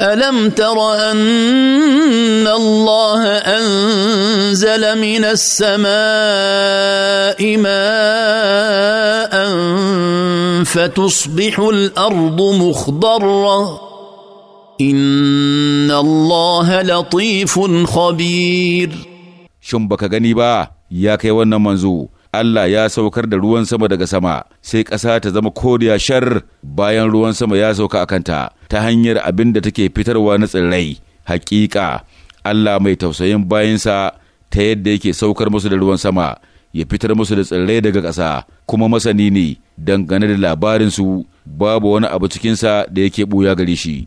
الم تر ان الله انزل من السماء ماء فتصبح الارض مخضره ان الله لطيف خبير شنبك غنيبا با يا منزو Allah ya saukar da ruwan sama daga sama sai ƙasa ta zama koriya shar bayan ruwan sama ya sauka a kanta ta hanyar abin da take fitarwa na tsirrai hakika Allah mai tausayin bayansa ta yadda yake saukar musu da ruwan sama ya fitar musu da tsirrai daga ƙasa kuma masani ne dangane da labarinsu babu wani abu cikinsa da yake ɓuya gare shi